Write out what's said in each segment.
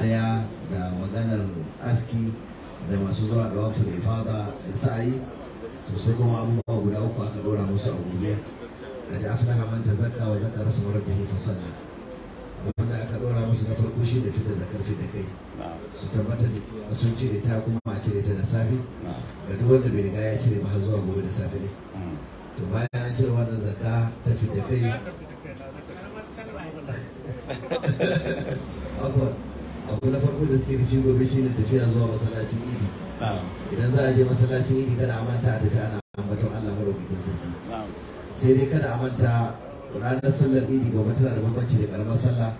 daya da maganar aski da masu zuwa da wafi da ifada da sa'ayi sosai kuma abubuwa guda uku aka dora musu a gobe ga ji aflaha man ta zakka wa zakka rasu marar bihi fasanna abin da aka dora musu na farko shi da fita zakar da kai su tabbata da sun cire ta kuma a cire ta da safe ga duk wanda bai riga ya cire ba har zuwa gobe da safe ne to bayan an cire wannan zaka ta fi da kai abubuwan akwai na farko da suke da shi gobe shi ne tafiya zuwa masallacin idi idan za a je masallacin idi kada a manta a tafi ana ambaton Allah maraukakin sarki sai dai kada a manta ranar sallar idi gobe tana da bambanci da karamar sallah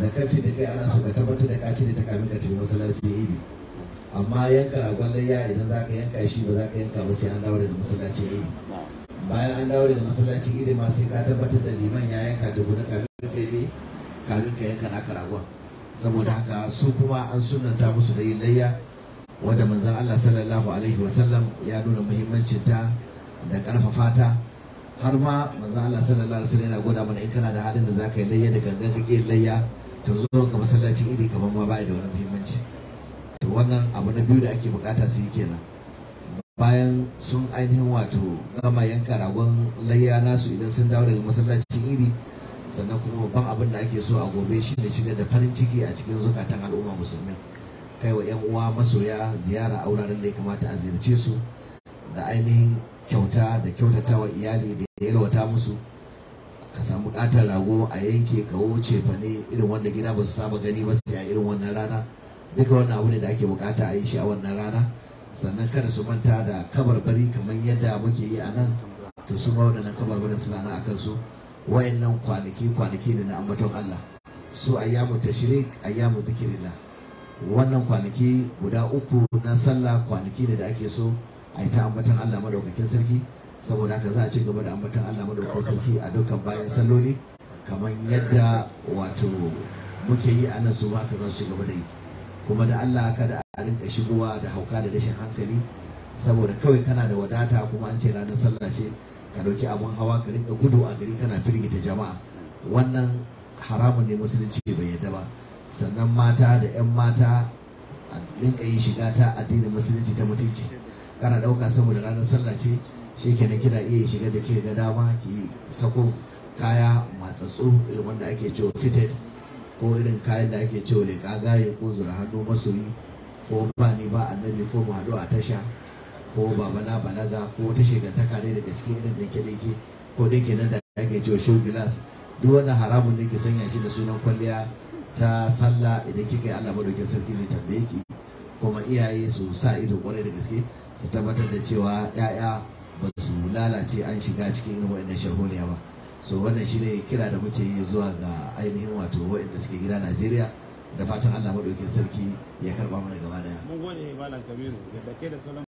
zakafi da kai ana so ka tabbatar da ka da ta kamin ka tafi masallacin idi amma yanka ragon layya idan za ka yanka shi ba za ka yanka ba sai an dawo daga masallacin idi bayan an dawo daga masallacin idi ma sai ka tabbatar da liman ya yanka tukuna kamin ka yi kamin ka yanka naka ragon saboda haka su kuma an sunanta musu da yin layya wanda manzan Allah sallallahu alaihi wasallam ya nuna muhimmancin ta da karfafa ta har ma manzan Allah sallallahu alaihi wasallam yana gwada mana in kana da halin da za ka yi layya da gangan ka ƙi layya to zo ka masallacin iri kamar ma ba da wani muhimmanci to wannan abu na biyu da ake bukata su yi kenan bayan sun ainihin wato gama yanka ragon layya nasu idan sun dawo daga masallacin iri sannan kuma babban abin da ake so a gobe shi ne shigar da farin ciki a cikin zukatan al'umma musulmai kai wa 'yan uwa masoya ziyara a wuraren da ya kamata a ziyarce su da ainihin kyauta da kyautatawa iyali da yalwata musu ka samu ɗatar rago a yanke ka wuce fane irin wanda gida ba su saba gani ba sai a irin wannan rana duka wannan abu ne da ake bukata a yi shi a wannan rana sannan kada su manta da kabarbari kamar yadda muke yi a nan to su ma wadannan kabarbarin suna na akan su wayannan kwanaki kwanaki da na ambaton Allah su ayyamu tashrik ayyamu zikrillah wannan kwanaki guda uku na sallah kwanaki ne da ake so a yi ta ambaton Allah madaukakin sarki saboda haka za a ci gaba da ambaton Allah madaukakin sarki a dukkan bayan salloli kamar yadda wato muke yi a nan su ma ka za su ci gaba da yi kuma da Allah kada a rinka shigowa da hauka da rashin hankali saboda kawai kana da wadata kuma an ce ranar sallah ce ka dauki abun hawa ka rinka gudu a gari kana firgita jama'a wannan haramun ne musulunci bai yadda ba sannan mata da 'yan mata a rinka yi shiga ta addinin musulunci ta mutunci kana dauka saboda ranar sallah ce shi kenan kina iya shiga da ke ga dama ki sako kaya matsatsu irin wanda ake cewa fitted ko irin kayan da ake cewa leƙa gaye ko zura hannu masoyi ko ba ni ba annabi ko mu haɗu a tasha ko baba na balaga ko wata shekantaka ne daga cikin irin da ke ko ke nan da ake cewa show glass duk wannan haramun ne ke sanya shi da sunan kwalliya ta sallah idan kika yi Allah madaukin sarki zai tambaye ki kuma iyaye su sa ido kwarai da gaske su tabbatar da cewa ya'ya ba su lalace an shiga cikin irin wa'annan ba so wannan shine kira da muke yi zuwa ga ainihin wato wa'anda suke gida Najeriya da fatan Allah madaukin sarki ya karba mana gaba daya da